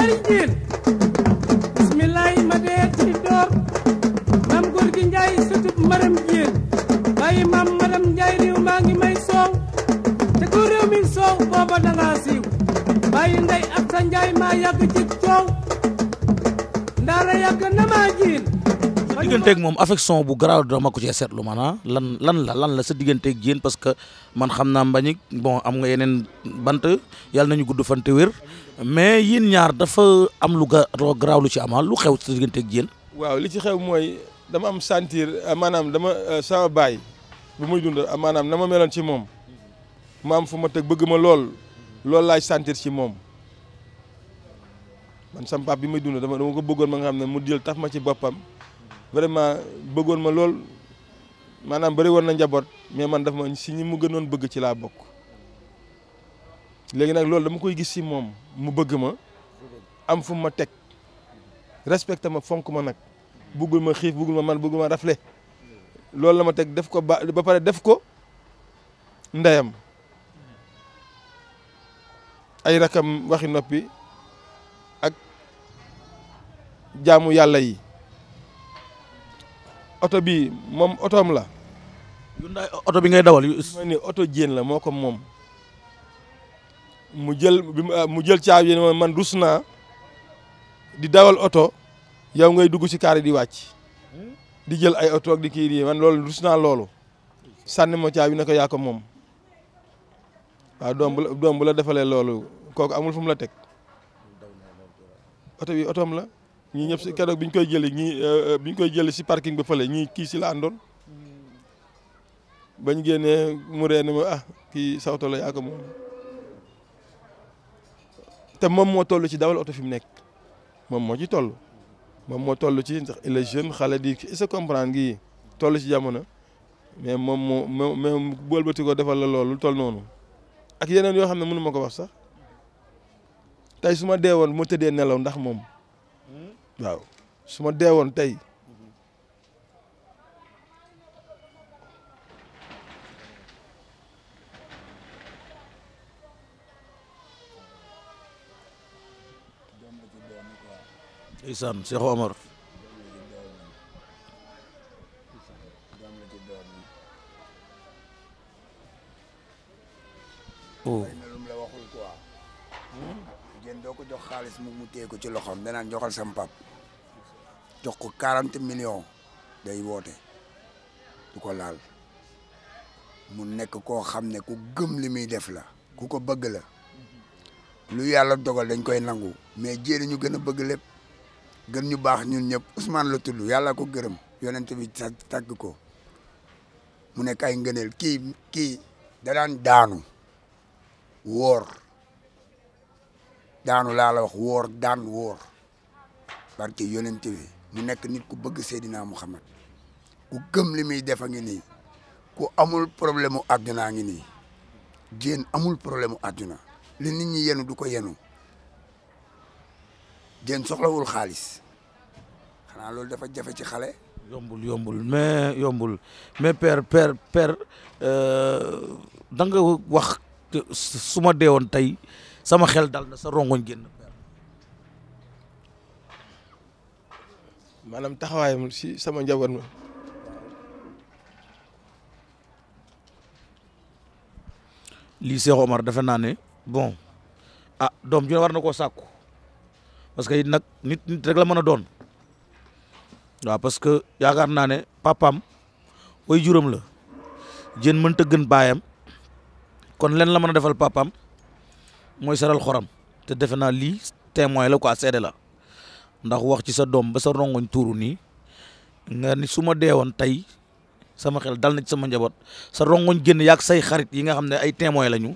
alal jiin bismillaay ma dee ci door maam góor gi njaay sëtub maram jiin bàyyi maam maram njaay réew maa ngi may soow te ku mi soow booba danga siiw bàyyi ndey ak njaay maa yàgg ci coow ndaara yàgg na maa jiin digënté ak mom affection bu graw dama ko ci sétlu mana lan lan la lan la sa digënté ak jeen parce que man xamna mbañik bon am nga yenen bant yalla nañu gudd fante wër mais yeen ñaar dafa am lu graw lu ci amal lu xew ci digënté ak jeen waaw li ci xew moy dama am sentir euh, manam dama euh, sama bay bu muy dund euh, manam nama melon ci mom ma am fuma tek bëgguma ma lool lool lay sentir ci mom man sam pap bi muy dund dama dama ko bëggoon ma nga xamne mu jël taf ma ci bopam vraiment bëggoon ma lool maanaam bëri woon na njaboot mais man dafa ma si ñi mu gënoon bëgg ci laa bokk léegi nag loolu dama koy gis si moom mu bëgg ma am fu ma teg respecté ma fonk ma nag bëggul ma xiif bëggul ma man bëggul ma rafle loolu la ma teg def ko ba ba pare def ko ndeyam ay rakam waxi noppi ak jaamu yàlla yi oto bi moom oto otoom la. oto bi ngay dawal. mooy ni oto jéen la moo ko moom mu jël ah, jël caabi yi ne man rus naa di dawal oto yow ngay dugg si kaar yi di wàcc di jël ay oto ak di kii di man loolu rus naa loolu sànni ma caabi ne ko yaa moom waa doom bu la doom bu defalee loolu kooku amul fu mu la teg oto bi oto otoom la. ñii ñëpp si keroog bi ñu koy jëli ñii euh, euh, bi koy jëli si parking ba fële ñii kii si la àndoon bañ génnee mu ree ne ma ah kii sawto la moom te moom moo toll ci dawal oto fi mu nekk moom moo ci toll moom moo toll ci ndax il est xale di se comprendre gi toll ci jamono mais moom moo moo mais bëlbati ko loolu toll noonu ak yeneen yoo xam ne mënu ma ko wax sax tey su ma dee woon ma dee nelaw ndax moom waaw su ma deewoon tey ndeysaan Cheikh Omar oh. jigéen doo ko jox xaalis mu mu téye ko ci loxoom danaan joxal sam pap jox ko quarante millions day woote du ko laal mu nekk koo xam ne ku gëm li muy def la ku ko bëgg la lu yàlla dogal dañ koy nangu mais jéeri ñu gën a bëgg lépp gën ñu baax ñun ñëpp Ousmane la tudd yàlla ko gërëm yonent bi tàgg ko mu nekk ay ngëneel kii kii da daan daanu wóor daanu laa la wax woor daan wóor barke yonente bi mu nekk nit ku bëgg Seydina Muhammad ku gëm li muy defa ngi nii ku amul problème mu àddunaa ngi nii Diène amul problème mu àdduna li nit ñi yenu du ko yenu Diène soxlawul xaalis xanaa loolu dafa jafe ci xale yombul yombul mais yombul mais père père père euh, da wax su ma deewoon tey sama xel dal na sa rongoñ génn maanaam taxawaayam si sama njaboot li lii Omar dafa nané bon ah dom ju war na koo sàkku parce que nak nit nit rek la don. don wa ke parce que yaakar nané papam way juram la bayam, mënta gën bayam kon len la mën defal papam moy saral xoram te defe li témoin la quoi seede la ndax wax ci sa dom ba sa rongoñ touru ni nga ni suma déwon tay sama xel dal na ci sama njabot sa rongoñ genn yak say xarit yi nga xamné ay témoin lañu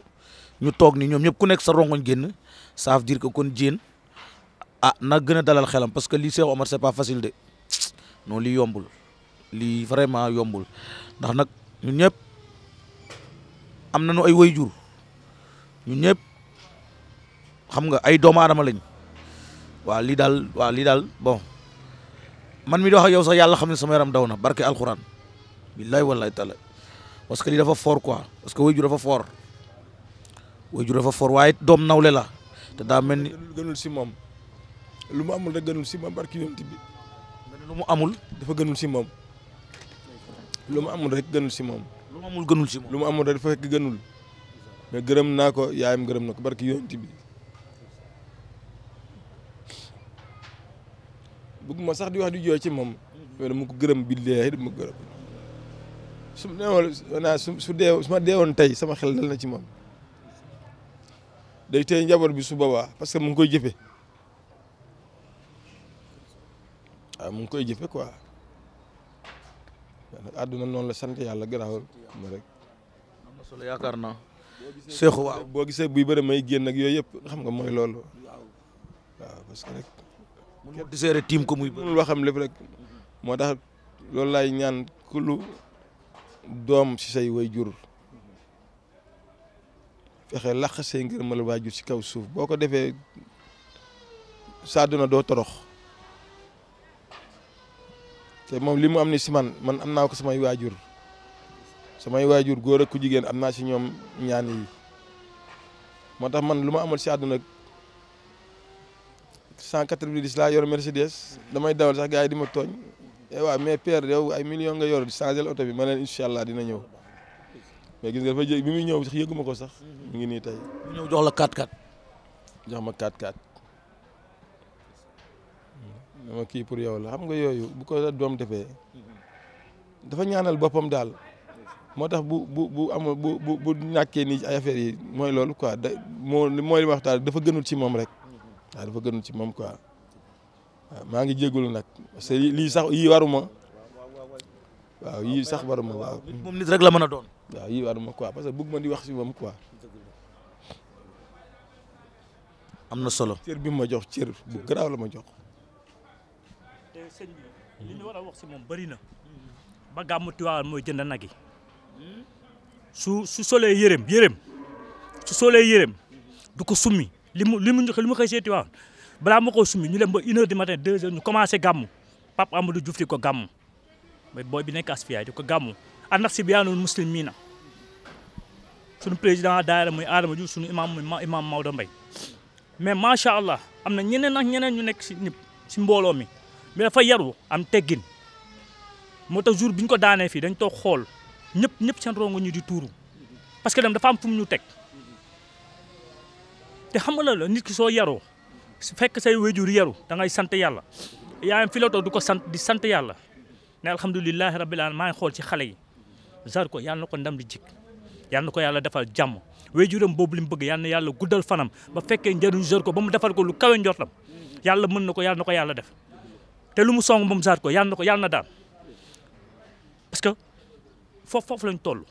ñu tok ni ñom ñep ku nek sa rongoñ genn ça veut dire que kon jeen ah na gëna dalal xelam parce que li Cheikh Omar c'est pas facile de non li yombul li vraiment yombul ndax nak ñun ñep amna nañu ay wayjur ñun ñep xam nga ay doomu aadama lañ waaw lii daal waaw lii daal bon man mi di wax ak yow sax yàlla xam ne sama yaram daw na barke alxuraan billahi wallahi taala parce que lii dafa foor quoi parce que wayjur dafa fort wayjur dafa fort waaye doom nawle la te daa mel ni. gënul si moom lu mu amul rek gënul si moom barke lu mu amul dafa gënul si moom lu mu amul rek gënul si moom. lu mu amul gënul si lu mu amul rek dafa fekk gënul mais gërëm naa ko yaayam gërëm na ko barke yonent bi bëgguma sax di wax di jooy ci moom mu dama ko gërëm billaahi dama ko gërëm su ma su su dee su ma deewoon tey sama xel dal na ci moom day tey njaboot bi su boobaa parce que mu ngi koy jëfe mu ngi koy jëfe quoi nag àdduna noonu la sant yàlla garaawul ma rek. am na solo yaakaar naa. seexu waaw boo gisee buy bëri may génn ak yooyu yëpp xam nga mooy loolu waaw parce que rek. képp di seere tiim ko muy bëri loo xam lépp rek moo tax loolu laay ñaan kulu doom si say way jur fexe laq say ngir mala waajur si kaw suuf boo ko defee sadduna doo torox te moom li mu am ni si man man am naa ko samay waajur samay waajur góor ak ku jigéen am naa si ñoom ñaan yi moo tax man lu ma amul si àdduna cent 190 laa yor Mercedes damay dawal sax gars yi di ma tooñ eh waaw mais père yow ay million nga yor changé oto bi ma leen incha allah dina ñëw mais gis nga dafa jé bi muy ñëw sax yëguma ko sax mu ngi nii tey. mu jox la 4-4. jox ma kii pour yow la xam nga yooyu bu ko doom defee dafa ñaanal boppam daal moo tax bu bu bu amul bu bu bu ñàkkee nii ay affaires yi mooy loolu quoi da moo mooy li ma wax dafa gënul si moom rek. waaw dafa gënul ci moom quoi maa ngi jégalu nag se lii sax yii waruma waaw yii sax waruma waaw. moom nit rek la mën a doon. waaw yii waruma quoi parce que bëgg ma di wax si moom quoi. am na solo. cër bi ma jox cër bu garaaw la ma jox. war a wax ci bari na. ba gàmmu mooy jënd nag yi. Hmm? su su solee yërëm yërëm su solee yërëm du ko summi. li mu li mu li ma koo summi ba une heure du matin deux heures ñu commencé gàmm Pape Amadou Diouf di ko gàmm mooy booy bi nekk Asfiyaay di ko gàmm ànd ak si biyaanul muslimiina suñu président daayira muy Adama Diouf suñu imam muy imam Maodo Mbaye mais macha allah am na ñeneen ak ñeneen ñu nekk si ñëpp si mbooloo mi mais dafa yaru am teggin moo jour bi ko daanee fii dañ toog xool ñëpp ñëpp seen nga ñu di tuuru parce que dem dafa am fu ñu teg. te xam nga la nit ki soo yaroo su fekk say wéjur yaru da ngay sant yàlla yaayam fi du ko sant di sant yàlla ne alhamdulilahi rabbil alamin maa ngi xool ci xale yi zar ko yàlla ko ndam di jikk yàlla na ko yàlla defal jàmm wéjuram boobu li mu bëgg yàlla yàlla guddal fanam ba fekkee njëriñ zar ko ba mu defar ko lu kawe njortam yàlla mën na ko yàlla na ko yàlla def te lu mu song moom zar ko yàlla na ko yàlla na parce que foofu foofu lañ toll.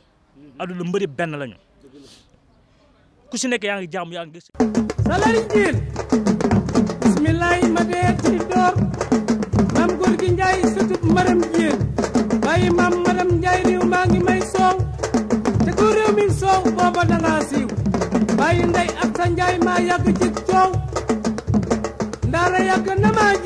adduna mbëri benn lañu. ku si nekk yaa ngi jaamu yaa ngi gis salari jiin bismillahi ma dee ci door maam góor gi njaay sutub maram jiin bàyyi maam maram njaay riw maa ngi may soow te ku réew mi soow booba danga siiw bàyyi ndey ak sa njaay maa yàgg ci coow ndaara yàgg na maa